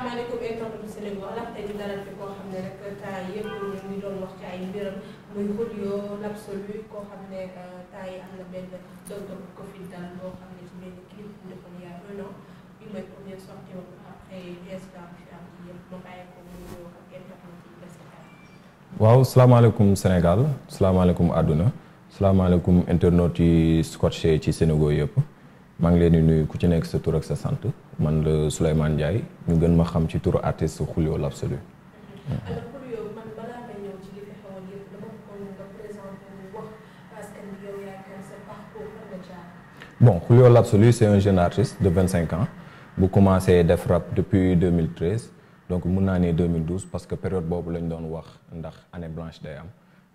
asalaamaaleykum internet Sénégal ndax tey ñu dalal fi euh, internet yi des waaw salaamaaleykum Sénégal salaamaaleykum àdduna salaamaaleykum internet yi scotché ci Sénégal yëpp maa ngi leen di nuyu ku ci nekk sa tur ak sa sant. man la Souleymane Ndiaye ñu gën ma xam ci turu artiste Julio l'Absolu. bon Julio l'Absolu c'est un jeune artiste de vingt cinq ans bu commencé def rab depuis 2013 donc mun naa ne 2012 parce que période boobu lañu doon wax ndax année blanche day am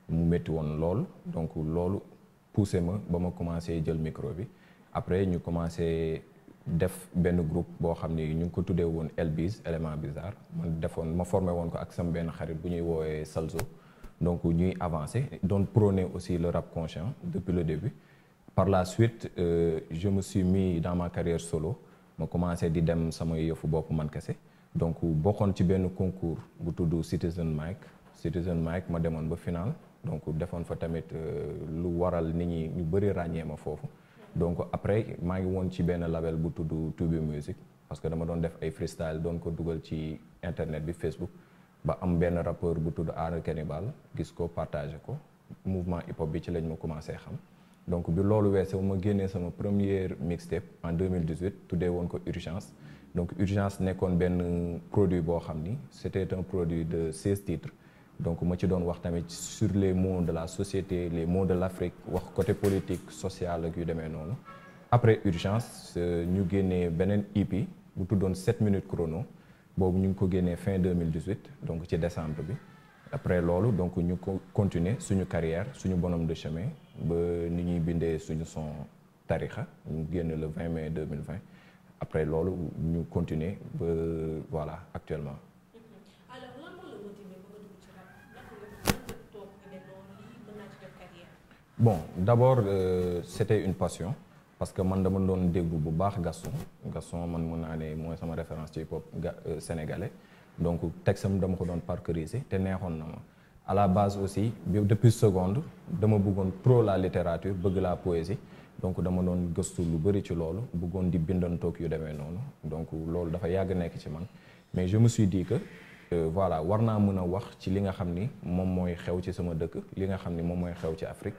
mu métti woon lool donc loolu poussé ma ba ma commencé jël micro bi après ñu commencé. def benn group boo xam ni ñu ngi ko tuddee woon Elbiz élément bizarre man defoon ma formé woon ko ak sama benn xarit bu ñuy woowee Salzo donc ñuy avancé doon prôner aussi le rap conscient depuis le début par la suite euh, je me suis mis dans ma carrière solo ma commencé di dem samay yëfu bopp man kese donc bokkoon ci benn concours bu tudd Citizen Mike Citizen Mike ma demoon ba final donc defoon fa tamit euh, lu waral ni ñi ñu bëri ràññee ma foofu donc après maa ngi woon ci benn label bu tudd Tubi Music parce que dama doon def ay freestyle doon ko dugal ci internet bi Facebook ba am benn rapport bu tudd Aara Cannibal gis ko partagé ko mouvement hip hop bi ci lañ ma commencé xam donc bi loolu weesoo ma génnee sama première mixtape en 2018 tuddee woon ko Urgence donc Urgence nekkoon benn produit boo xam ni c'était un produit de seize titre donc ma ci doon wax tamit sur les maux de la société les maux de l'Afrique wax côté politique social ak yu demee noonu après urgence euh, ñu génnee beneen ipi bu tuddoon 7 minutes chrono boobu ñu ngi ko génnee fin 2018 donc ci décembre bi après loolu donc ñu ko continuer suñu carrière suñu bonhomme de chemin ba ni ñuy bindee suñu son tarixa ñu génn le 20 mai 2020 après loolu ñu continuer ba voilà actuellement bon d' abord euh, c' une passion parce que man dama doon déglu bu baax Gaston Gaston man mën naa ne mooy sama référence ci hip hop euh, sénégalais donc texam dama ko doon parcuriser te neexoon na ma à la base aussi bi depuis seconde dama bëggoon pro la littérature bëgg la poésie donc dama doon gëstu lu bëri ci loolu bëggoon di bindantoog yu demee noonu donc loolu dafa yàgg nekk ci man mais je me suis dit euh, voilà war naa mën a wax ci li nga xam ni moom mooy xew ci sama dëkk li nga xam ni moom mooy xew ci Afrique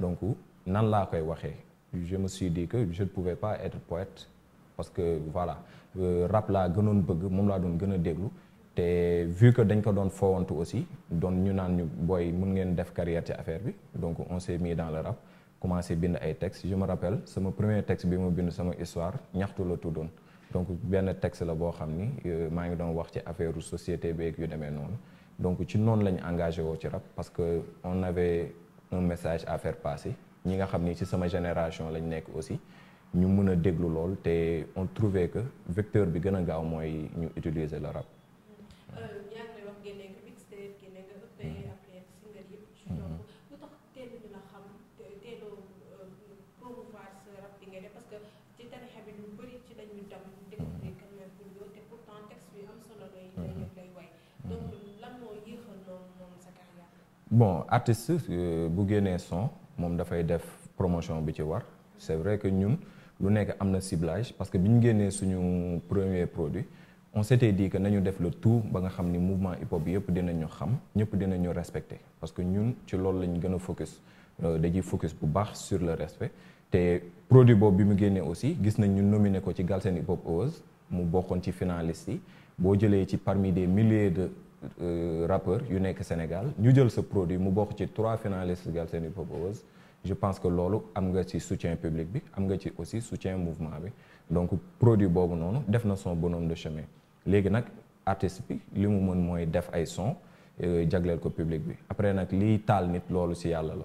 donc nan laa koy waxee je me suis dit que je ne pouvais pas être poète parce que voilà euh, rab laa gënoon bëgg moom laa doon gën a déglu te vu que dañ ko doon fowantu aussi doon ñu naan ñu booy mun ngeen def carrière ci affaire bi donc on s'est mis dans le rap commencé bind ay textes je me rappelle sama premier texte bi ma bind sama histoire ñaxtu la tuddoon donc benn texte la boo xam ni euh, maa ngi doon wax ci affaire société beeg yu demee noonu donc ci noonu la engagé woo ci rap parce que on avait un message à faire passer ñi nga xam ni ci sama génération lañ nekk aussi ñu mun a déglu lool te on trouvait que vecteur bi gën a gaaw mooy ñu utiliser le rap. Euh, bon artiste euh, bu génnee son moom dafay def promotion bi ci war c'est vrai que ñun lu nekk am na ciblage parce que bi ñu génnee suñu premier produit on s'était dit que nañu def le tout ba nga xam ni mouvement hip hop yëpp dinañu xam ñëpp ñu respecter parce que ñun ci loolu lañ gën a focus euh, dañuy focus bu baax sur le respect te produit boobu bi mu génnee aussi gis nañ ñu nominé ko ci Galsen Hip Hop Awards mu bokkoon ci finaliste yi boo jëlee ci parmi des milliers de Euh, rappeur yu nekk Sénégal ñu jël sa produit mu bokk ci trois finalistes Galsen Hip Hop Awards je pense que loolu am nga ci soutien public bi am nga ci aussi soutien mouvement bi donc produit boobu noonu def na son bonhomme de chemin léegi nag artiste bi li mu mën mooy def ay son euh, jagleel ko public bi après nag liy taal nit loolu ci yàlla la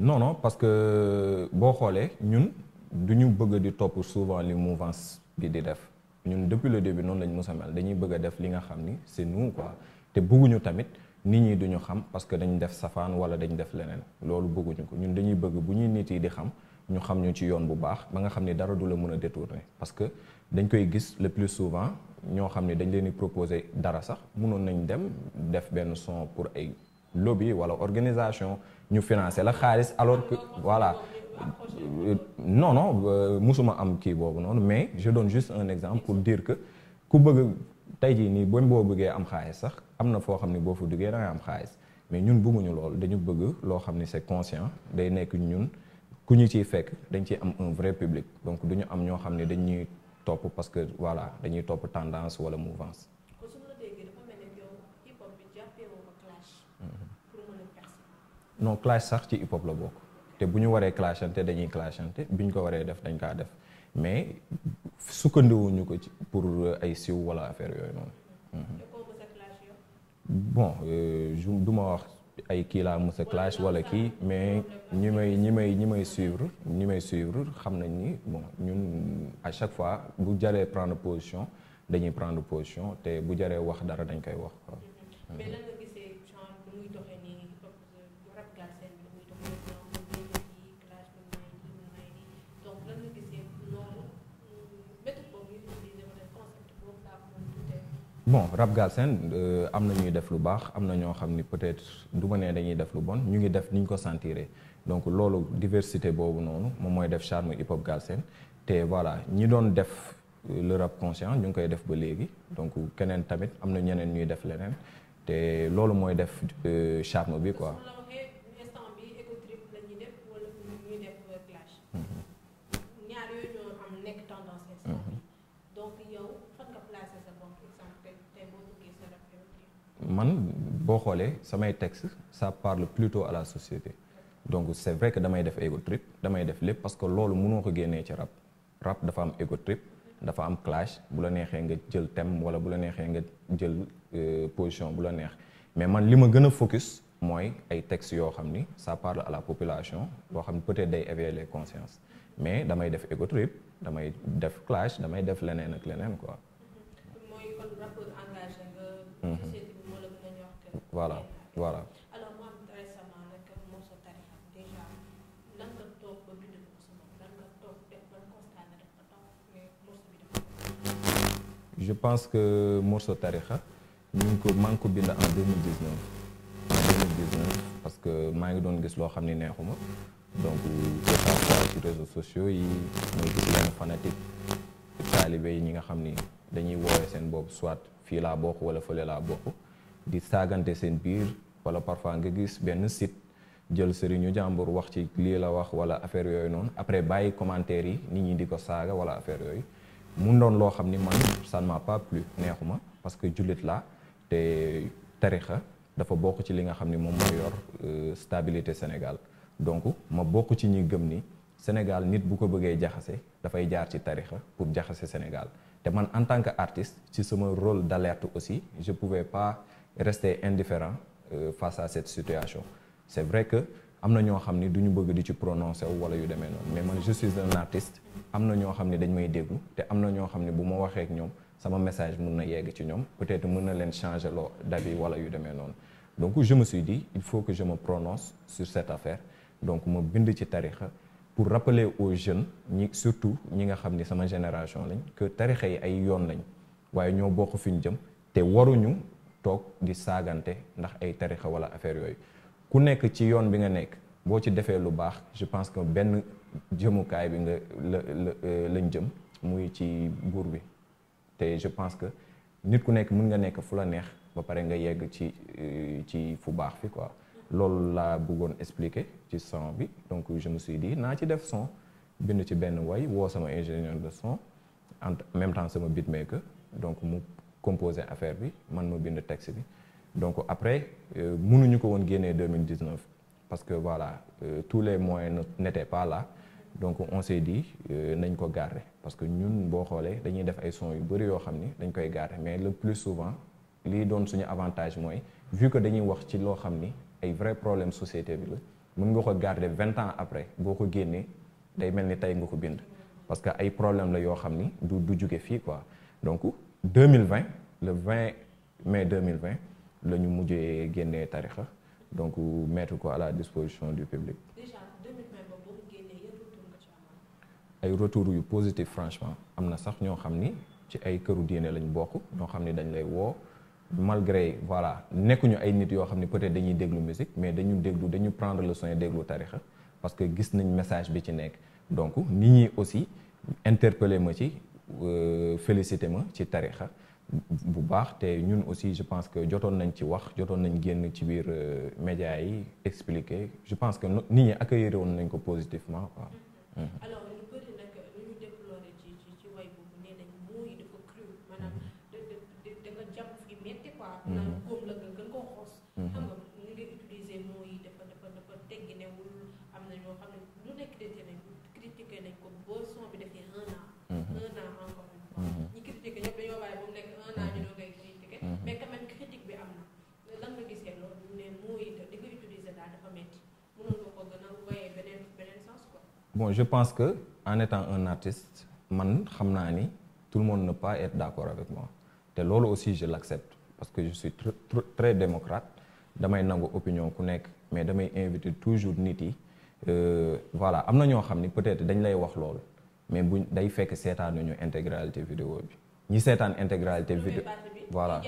non parce que boo xoolee ñun du ñu bëgg di topp souvent li mouvance bi di def ñun depuis le bi noonu lañ mës dañuy bëgg a def li nga xam ni c'est nu quoi te bëgguñu tamit nit ñi duñu xam parce que dañ def safaan wala dañ def leneen loolu bëgguñu ko ñun dañuy bëgg bu ñuy nit yi di xam ñu xam ñu ci yoon bu baax ba nga xam ni dara du la mën a détourner parce que dañ koy gis le plus souvent ñoo xam ni dañ leen di proposer dara sax mënoon nañ dem def benn son pour ay lobby wala organisation ñu financé la xaalis alors que voilà non non euh, musuma am kii boobu noonu mais je donne juste un exemple pour diir que ku bëgg tey jii nii bañ boo bëggee am xaalis sax am na foo xam ne boo fa duggee da am xaalis mais ñun bëgguñu loolu dañu bëgg loo xam ni se conscient day nekk ñun ku ñu ciy fekk dañ ciy am un vrai public donc du ñu am ñoo xam ne dañuy topp parce que voilà dañuy topp tendance wala mouvance non clash sax ci hip la bokk te bu ñu waree clashante dañuy clashante bi ñu ko waree def dañ kaa def mais sukkandiwuñu ko ci pour ay siw wala affaire yooyu noonu. Mhm. bon euh, du ma wax ay kii laa mës clash wala kii mais ñi may ñi may ñi suivre ñi may suivre xam nañ ni bon ñun à chaque fois bu jaree prendre position dañuy prendre position te bu jaree wax dara dañ koy wax bon rap galsen euh, am na ñuy def lu baax am na ñoo xam ni peut-être du ma dañuy def lu bon ñu ngi def ni ko sentiré donc loolu diversité boobu noonu moom mooy def charme hip hop galsen te voilà ñi doon def euh, le rap conscient ñu ngi koy def ba léegi donc keneen tamit am na ñeneen ñuy def leneen te loolu mooy def euh, charme bi quoi. man boo xoolee samay texte sa parle plutôt à la société donc c'est vrai que damay def ego trip damay def lépp parce que loolu munoo ko génnee ci rab rab dafa am ego dafa am clash bu la neexee nga jël thème wala bu la neexee nga jël euh, position bu la neex mais man li ma gën a focus mooy ay textes yoo xam ni ça parle à la population yoo xam ni peut day éveiller les consciences mais damay def ego damay def clash damay def leneen ak leneen quoi. voilà voilà. je pense que Morso Tarixa ñu ngi ko maa ngi ko bind en parce que maa ngi doon gis loo xam ne neexuma donc que ça réseaux sociaux yi mooy gis yenn fanatique taalibe yi ñi nga xam ni dañuy woowee seen bopp soit fii laa bokk wala fole laa bokk di saagante seen biir wala parfois nga gis benn site jël seri sëriñu jàmbur wax ci lii la wax wala affaire yooyu noonu après bàyyi commentaire yi nit ñi di ko saaga wala affaire yooyu mun doon loo xam ni man ça ne m'a pas plu neexuma parce que jullit la te tarixa dafa bokk ci li nga xam ni moom mooy yor euh, stabilité Sénégal donc ma bokk ci ñi gëm ni Sénégal nit bu ko bëggee jaxase dafay jaar ci tarixa pour jaxase Sénégal te man en tant que artiste ci sama rôle d'alerte aussi je pouvais pas rester indifférent euh, face à cette situation c'est vrai que am na ñoo xam ni du ñu bëgg di ci prononcé wu wala yu demee noonu mais man je suis un am na ñoo xam ne dañ may déglu te am na ñoo xam ne bu ma waxee ak ñoom sama message mun na yegg ci ñoom peut-être mën na leen changer loo d'avis wala yu demee noonu donc je me di il faut que je prononce sur cette affaire donc ma bind ci tarixa pour rappeler aux jeunes ñi surtout ñi nga xam ni sama génération lañ que yi ay yoon lañ waaye ñoo bokk fi ñu jëm te waruñu toog di saagante ndax ay tarixa wala affaire yooyu ku nekk ci yoon bi nga nekk boo ci defee lu baax je pense que benn jëmukaay bi nga la euh, lañ jëm muy ci buur bi te je pense que nit ku nekk mën nga nekk fu la neex ba pare nga yegg ci euh, ci fu baax fii quoi loolu laa bëggoon expliquer ci son bi donc je me suis dit naa ci def son bind ci benn way woo sama ingénieur de son en même temps sama beatmaker donc mu composé affaire bi man ma bind texte bi donc après euh, mënuñu ko woon génnee 2019 parce que voilà euh, tous les moyens nete pas là donc on di dit euh, nañ ko garder parce que ñun boo xoolee dañuy def ay sons yu bëri yoo xam ni dañ koy garder mais le plus souvent lii doon suñu avantage mooy vu que dañuy wax ci loo xam ni ay vrai problème société bi la mën nga ko garder vingt ans après boo ko génnee day mel ni tey nga ko bind parce que ay problème la yoo xam ni du du jóge fii quoi donc 2020 le 20 mai 2020 la ñu mujjee génnee tarixa donc mettre ko à la disposition du public. ay retour yu positif franchement am na sax ñoo xam ni ci ay këru diine lañ bokk ñoo xam ni dañu lay woo. malgré voilà nekkuñu ay nit yoo xam ne peut-être dañuy déglu musique mais dañu déglu dañu prendre le soin déglu tarixa parce que gis nañ message bi ci nekk donc nit ñi aussi interpellé ma ci euh, félicité ma ci tarixa bu baax te ñun aussi je pense que jotoon nañ ci wax jotoon nañ génn ci biir euh, média yi expliquer je pense que nit ñi accueillir woon nañ ko positivement quoi. Mm-hmm. je pense que en étant un artiste man xam naa ni tout le monde ne pas être d'accord avec moi te loolu aussi je l'accepte parce que je suis très très démocrate damay nangu opinion ku nekk mais damay inviter toujours nit yi euh, voilà am na ñoo xam ni peut-être dañ lay wax loolu mais buñ day fekk seetaanuñu intégralité vidéo bi ñi seetaan intégralité vidéo voilà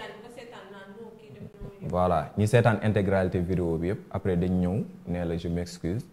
voilà ñi seetaan intégralité vidéo bi yëpp après dañ ñëw nee la je m'excuse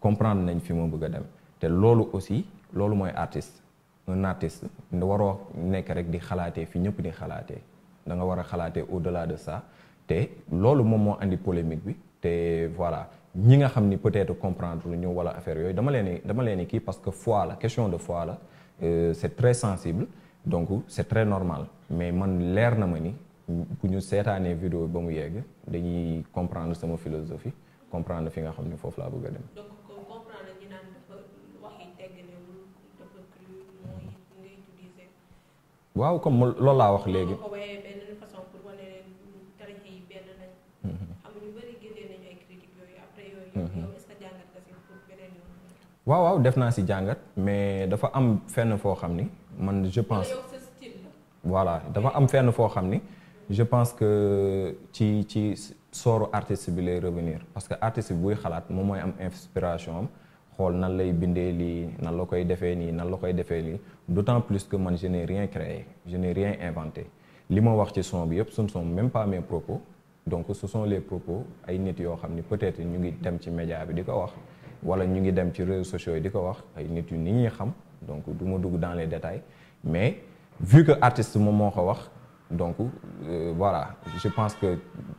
comprendre nañ fi ma bëgg a dem te loolu aussi loolu mooy artiste un artiste waroo nekk rek di xalaatee fi ñëpp di xalaatee da nga war a xalaatee au-delà de ça te loolu moom moo indi polémique bi te voilà ñi nga xam ni peut-être comprendre lu ñu wala affaire yooyu dama leen dama leen kii parce que fois la question de fois la euh, c'est très sensible donc c'est très normal mais man leer na ma ni bu ñu seetaanee vidéo ba mu yegg dañuy comprendre sama philosophie comprendre fi nga xam ni foofu laa bëgg dem. waaw comme loolu laa wax léegi. Mhm. Mhm. waaw waaw def naa si jàngat mais dafa am fenn foo xam ni man je pense voilà dafa am fenn foo xam ni je pense que ci ci sooru artiste bi lay revenir parce que artiste buy xalaat moom mooy am inspiration am xool nan lay bindee lii nan la koy defee nii nan la koy defee lii d'autant plus que man je n'ai rien créé je rien inventé li ma wax ci son bi yëpp ce ne sont même pas mes propos donc ce sont les propos ay nit yoo xam ni peut-être ñu ngi dem ci média bi di ko wax wala ñu ngi dem ci réseaux sociaux yi di ko wax ay nit yu nit ñuy xam donc du ma dugg dans les détails mais vu que artiste moom moo ko wax donc euh, voilà je pense que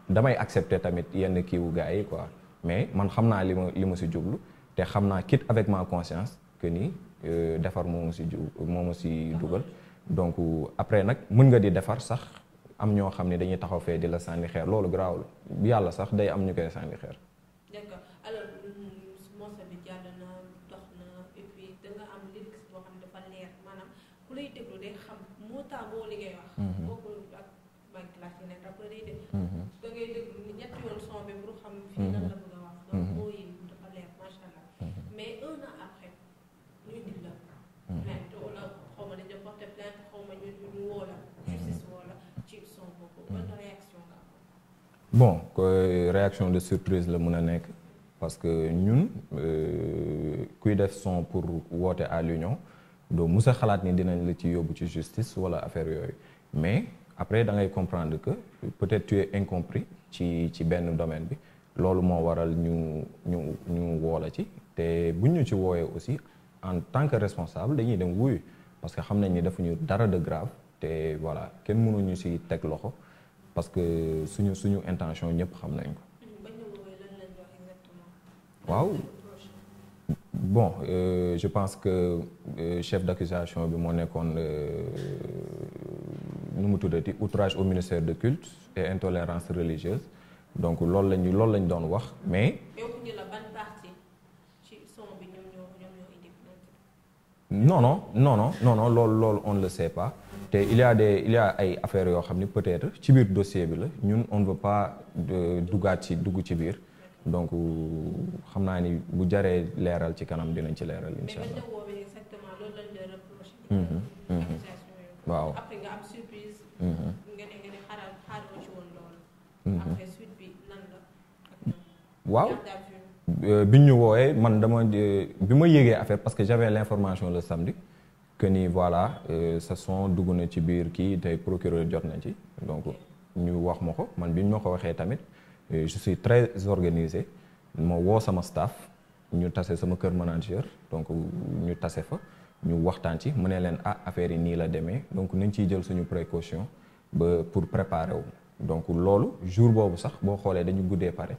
damay accepter tamit yenn kiiwu yi quoi mais man xam naa li ma li ma si jublu te xam naa quitte avec ma conscience que nii euh, defar moo ma si ju moo si dugal donc après nag mun nga di defar sax am ñoo xam ne dañuy taxaw fee di la sànni xeer loolu garaawul yàlla sax day am ñu koy sànni xeer. d'accord alors bi jàll na dox na et puis da nga am lyrics boo xam ne dafa leer maanaam ku lay déglu day xam moo tax boo wax. Mhm. bon réaction de surprise la mën a nekk parce que ñun euh, kuy def son pour woote à l'union doo mus xalaat ni dinañ la ci yóbbu ci justice wala affaire yooyu mais après da ngay comprendre que peut-être tu es incompris ci ci benn domaine bi loolu moo waral ñu ñu ñu woola ci te buñ ñu ci wooyee aussi en tant que responsable dañuy dem wuyu parce que xam nañ ni defuñu dara de grave te voilà kenn mënuñu si teg loxo parce que suñu suñu intention ñëpp xam nañ ko. waaw bon euh, je pense que euh, chef d'accusation bi moo nekkoon euh, nu mu tuddati outrage au ministère de culte et intolérance religieuse donc loolu lañu loolu lañu doon wax mais. non non non non loolu loolu on ne le sait pas. te il de a ay affaires yoo xam ni peut-être ci biir dossier bi la ñun on ne veut duggaat ci dugg ci biir donc xam naa ni bu jaree leeral ci kanam dinañ ci leeral incha allah. Mhm, mhm. waaw. waaw euh, bi ñu woowee man dama euh, bi ma yëgee affaire parce que j'avais information le samedi. que ni voilà sa euh, son dugg na ci biir kii tey procureur jot na ci donc ñu wax ma ko man bi ñu ma ko waxee tamit euh, je suis très organisé ma woo sama staff ñu tase sama kër manager donc ñu tase fa ñu waxtaan ci mu ne leen ah affaire yi nii la demee donc nañ ciy jël suñu précaution ba pour préparer wu donc loolu jour boobu sax boo xoolee dañu guddee pare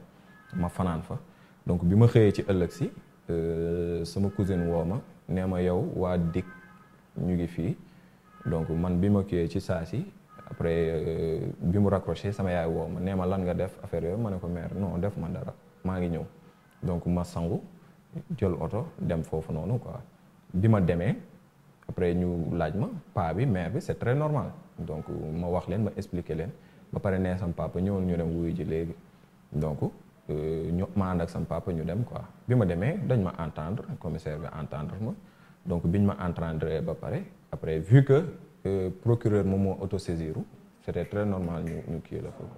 ma fanaan fa donc bi ma xëyee ci ëllëg si euh, sama cousine woo ma nee ma yow waa DIC ñu ngi fii donc man bi ma kiiyee ci saa si après euh, bi mu raccroché sama yaay woo ma nee ma lan nga def affaire yooyu ma ne ko maire non def ma dara maa ngi ñëw donc ma jël oto dem foofu noonu quoi bi ma demee après ñu laaj ma paa bi mère bi c'est très normal donc ma wax leen ma expliquer leen ba pare nee sam papa ñëwal ñu dem wuyu ji léegi donc euh, ñu ma ak sam papa ñu dem quoi bi ma demee dañ ma entendre commissaire bi entendre ma donc biñ ma entendre ba pare après vu que euh, procureur moom moo autosaisiru c'était très normal ñu ñu kii la foofu.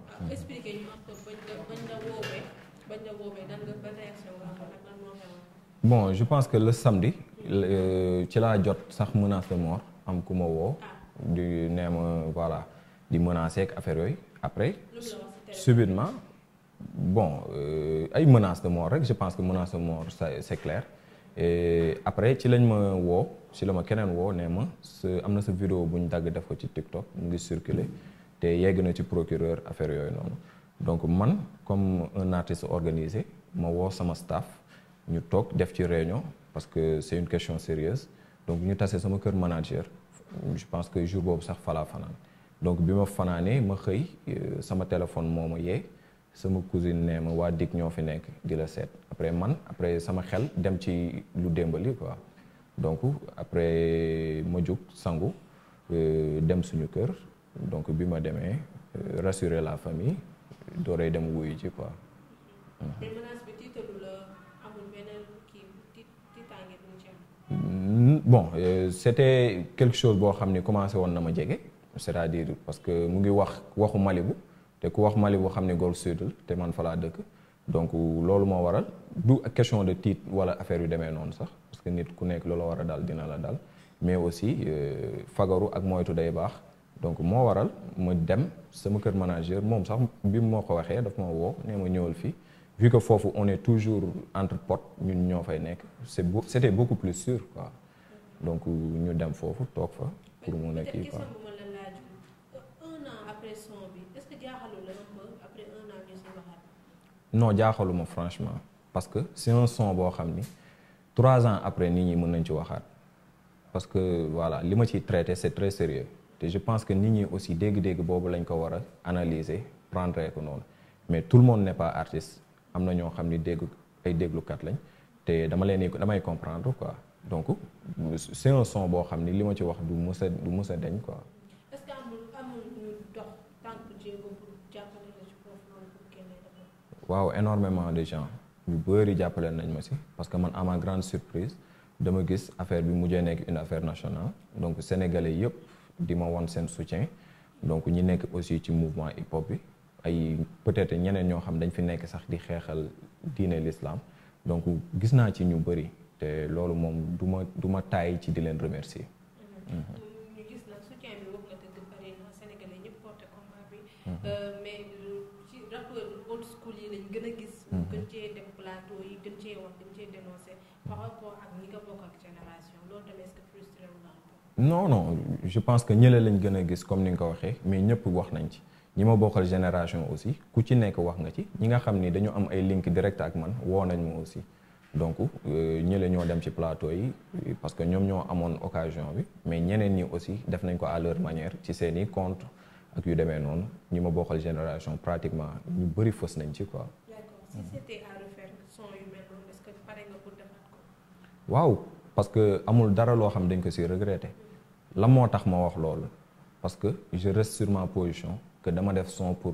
bon je pense que le samedi. Euh, ci laa jot sax menace de mort am ku ma woo. Ah. di nee ma voilà di menacer ak affaire yooyu après. subitement bon euh, ay menace de mort rek je pense que menace de mort ça c'est clair. et après ci lañ ma woo ci la ma keneen woo nee ma sa am na sa vidéo bu ñu dagg def ko ci TikTok mu ngi circuler te yegg na ci procureur affaire yooyu noonu donc man comme un artiste organisé ma woo sama staff ñu toog def ci réunion parce que c'est une question sérieuse donc ñu tase sama kër manager je pense que jour boobu sax falaa fanaan donc bi ma fanaanee ma xëy euh, sama téléphone moo ma yee sama cousine nee ma waa DIC ñoo fi nekk di la seet après man après sama xel dem ci lu démbali quoi donc après ma jug sangu euh, dem suñu kër donc bi ma demee euh, rassurer la famille dooree dem wuyu ci quoi. mais menace bi tiitalu la amul beneen bon euh, c'était quelque chose boo xam ne commencé woon na ma jege c'est-à-dire parce que mu ngi wax waxu Malibu. te ku wax Mali boo xam ne Golf Sud te man fa laa dëkk donc loolu moo waral du question de titre wala affaire yu demee noonu sax parce que nit ku nekk loola war a dal dina la dal mais aussi euh, fagaru ak moytu day baax donc moo waral ma dem sama kër manager moom sax bi moo ko waxee dafa ma woo nee ma ñëwal fii vu ko foofu on est toujours entre potes ñun ñoo fay nekk c'est c'était beaucoup plus sûr quoi donc ñu dem foofu toog fa pour mu nekk kii quoi non jaaxaluma franchement parce que c'est un son boo xam ni trois ans après nit ñi mën nañ ci waxaat parce que voilà li ma ciy traité c'est très sérieux te je pense que nit ñi aussi dégg-dégg boobu lañ ko war a analyser prendre ko noonu mais tout le monde n'est pas artiste am na ñoo xam ni dégg ay déglukat lañ te dama leen damay comprendre quoi donc c'est un son boo xam ni li ma ci wax du mës du mës a deñ quoi waaw énormément de gens ñu bëri jàppale nañ ma si parce que man à ma grande surprise dama gis affaire bi mujjee nekk une affaire nationale donc sénégalais yëpp di ma won seen soutien donc ñi nekk aussi ci mouvement hip hop bi ay peut-être ñeneen ñoo xam dañ fi nekk sax di xeexal diine lislaam donc gis naa ci ñu bëri te loolu moom du ma du ma taay ci di leen remercier. Mm-hmm. Mm-hmm. Mm-hmm. school yi lañ mhm. que je pense que ñële lañ gën a gis comme ni nga ko waxee mais ñëpp wax nañ ci ñi ma bokkal génération aussi ku ci nekk wax nga ci ñi nga xam ni dañu am ay link direct ak man woo nañ ma aussi donc euh, ñële ñoo dem ci plateau yi parce que ñoom ñoo amoon occasion bi mais ñeneen ñi aussi def nañ ko à manière ci seeni i compte ak yu demee noonu ñi ma bokkal génération pratiquement ñu bëri fës nañ ci quoi. si waaw parce que amul dara loo xam dañ ko si regretté la moo tax ma wax loolu parce que je reste sur position que dama def son pour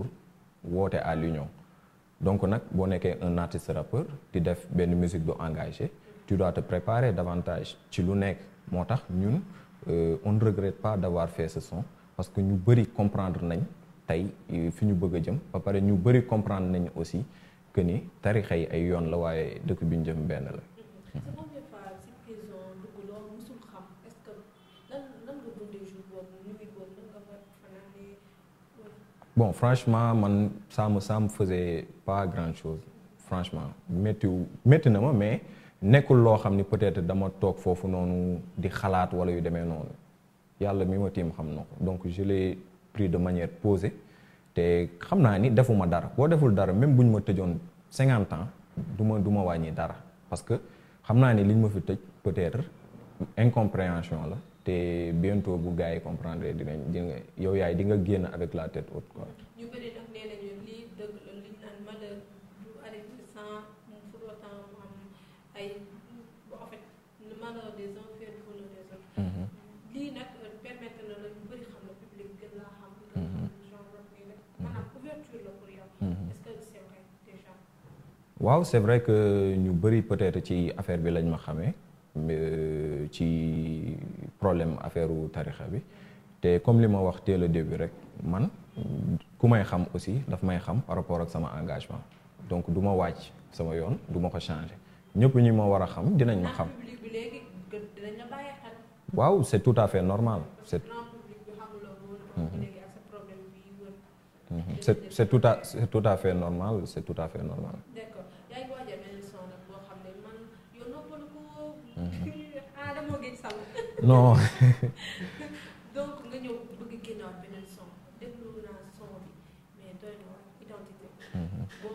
woote à l'union donc nag boo nekkee un artiste rappeur di def benn musique bu engagé tu dois te préparer davantage ci lu nekk moo tax ñun euh, on ne regrette pas d'avoir fait ce son. parce que ñu bëri comprendre nañ tey fi ñu bëgg a jëm ba pare ñu bëri comprendre nañ aussi que ni tarixa yi ay yoon la waaye dëkk bi ñu jëm benn la. bon franchement man ça me ça me faisait pas grand chose franchement méttiwu métti na ma mais nekkul loo xam ni peut-être dama toog foofu noonu di xalaat walla yu demee noonu. yàlla mi ma tiim xam na ko donc je l'ai pris de manière posée te xam naa ni defuma dara boo deful dara même bu ñu ma tëjoon cinquante ans du ma du wàññi dara parce que xam naa ni li ma fi tëj peut-être incompréhension la te bientôt bu gars yi comprendre dinañ dina yow yaay di nga génn avec la tête haute quoi. ñu bëri nag waaw c'est vrai que ñu bëri peut-être ci affaire bi lañ ma xamee euh, ci problème affaire u tarixa bi te comme li ma wax teel a début rek man ku may xam aussi daf may xam par rapport ak sama engagement donc du ma wàcc sama yoon du ma ko changé ñëpp ñi ma war a xam dinañ ma xam. waaw c'est tout à fait normal mhm. mhm. c'est. c'est tout à c'est tout à fait normal c'est tout à fait normal. non. Mm-hmm.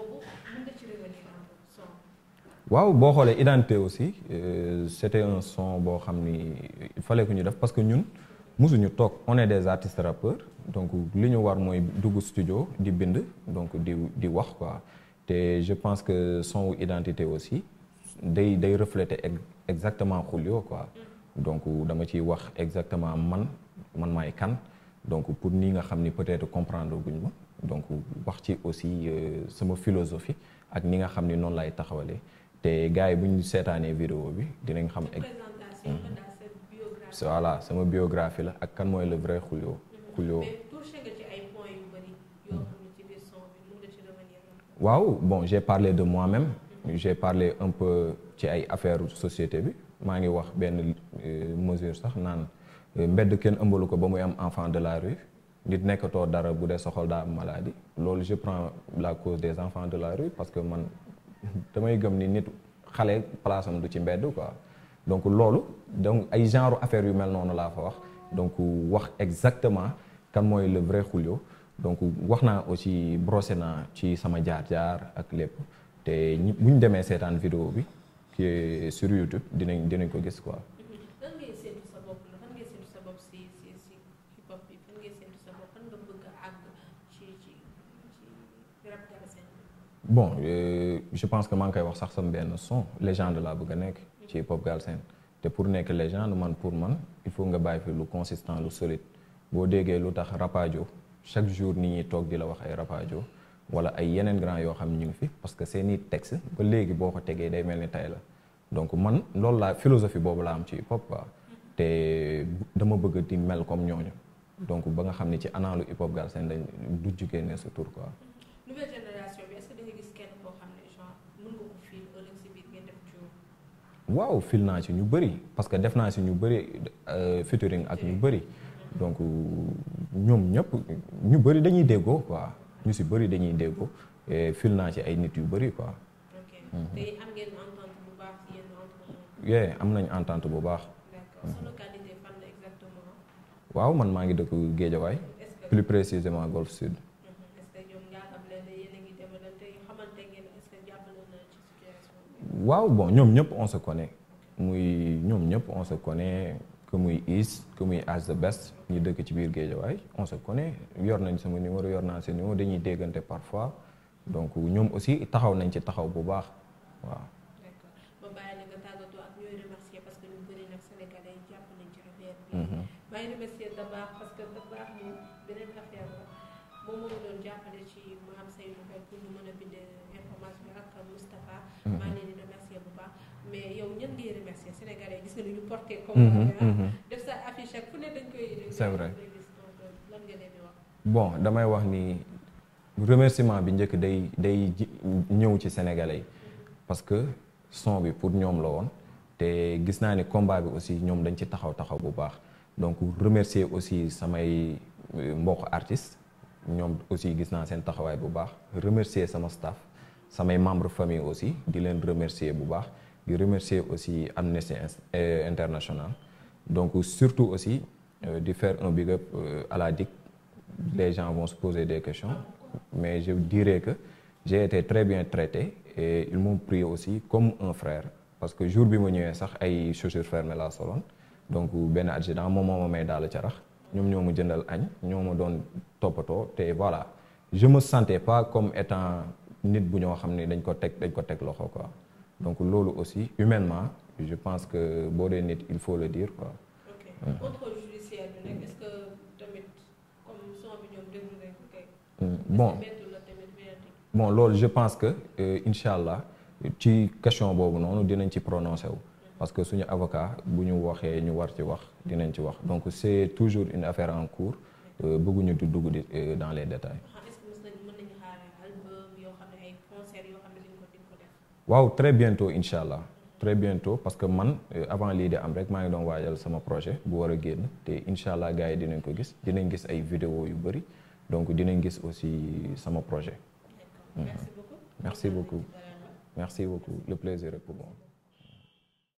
waaw boo xoolee identité aussi euh, c'était un son boo xam ni il fallait que ñu def parce que ñun mosuñu toog on des artistes rappeurs donc li ñu war mooy dugg studio di bind donc di di wax quoi te je pense que son identité aussi day day refléter exactement Julio quoi. Mm-hmm. donc dama ci wax exactement man man may kan donc pour nii nga xam ni peut-être comprendre guñ ma donc wax ci aussi euh, sama philosophie ak ni nga xam ni noonu lay taxawalee te gars yi bu ñu seetaanee vidéo bi dinañ xam. présentation hmm. voilà sama biographie la ak kan mooy le vrai Julio. Julio hmm. hmm. waaw bon j'ai parlé de moi-même. j'ai parlé un peu ci ay affaires société bi. maa ngi wax benn euh, mesure sax naan euh, mbedd kenn ëmbalu ko ba muy am enfant de la rue nit nekkatoo dara bu dee soxol daa am maladie loolu je prends la cause des enfants de la rue parce que man damay gëm ni nit xale place am du ci mbedd quoi donc loolu donc ay genre affaire yu mel noonu laa fa wax donc wax exactement kan mooy le vrai donc wax naa aussi brossé naa ci sama jaar-jaar ak lépp te bu ñu demee seetaan vidéo bi qui est dinañ dinañ ko gis quoi. lan ngay séntu je pense que maa ngi koy wax sax sama benn son légende laa bëgg a nekk. ci hip hop galsen te pour nekk légende man pour man il faut nga bàyyi fi lu consistant lu solide boo déggee lu tax rapajo chaque jour nit ñi toog di la wax ay rapajo. wala ay yeneen grand yoo xam ne ñu ngi fi parce que seeni texte ba léegi boo ko tegee day mel ni tey la donc man loolu laa philosophie boobu laa am ci hip hop quoi te dama bëgg di mel comme ñooñu donc ba nga xam ne ci analu hip hop Galsen dañ du jugee ne sa tour quoi. nouvelle ko si waaw fil naa ci ñu bëri parce que def naa si ñu bëri euh, featuring ak ñu bëri donc ñoom ñëpp ñu bëri dañuy déggoo quoi. ñu si bëri dañuy déggoo fil naa ci ay nit yu bëri quoi. ok mhm. am ngeen entente bu baax bu baax. Mhm. waaw man maa ngi dëkk Géejawaay. plus précisément Golf Sud. Mhm. waaw bon ñoom ñëpp on se muy ñoom ñëpp on se que muy Is que muy as the best ñi dëkk ci biir Géejawaay on se connaît yor nañ sama numéro yor naa seen numéro dañuy déggante parfois donc ñoom aussi taxaw nañ ci taxaw bu baax waaw. Sénégalais gis mhm, mhm. c'est vrai bon damay wax ni remerciement bi njëkk day day ñëw ci Sénégalais yi parce que son bi pour ñoom la woon te gis naa ni combat bi aussi ñoom dañ ci taxaw taxaw bu baax donc remercier aussi samay euh, mbokk artist ñoom aussi gis naa seen taxawaay bu baax remercier sama staff samay membre famille aussi di leen remercier bu baax di remercier aussi Amnesty euh, International donc surtout aussi euh, di faire un big up euh, à la DIC les gens vont se poser des questions mais je dirais que j'ai été très bien traité et ils m'ont pris aussi comme un frère parce que jour bi ma ñëwee sax ay chaussures fermées laa soloon donc benn adjudant moom moo ma may daal carax ñoom ñoo ma jëndal añ ñoo ma doon toppatoo te voilà je me sentais pas comme étant nit bu ñoo xam ni dañ ko teg dañ ko teg loxo quoi donc loolu aussi humainement je pense que boo dee nit il faut le dire quoi. ok mm. bon loolu je pense que euh, incha allah ci question boobu noonu dinañ ci prononcé wu. parce que suñu avocat bu ñu waxee ñu war ci wax dinañ ci wax donc c'est toujours une affaire en cours euh, bëgguñu di dugg euh, dans les détails waaw très bientôt incha allah très bientôt parce que man euh, avant lii di am rek maa ngi doon waajal sama projet bu war a génn te incha allah gars yi dinañ ko gis dinañ gis ay video yu bëri donc dinañ gis aussi sama projet. merci mhm. beaucoup merci beaucoup. merci beaucoup le plaisir est pour moi.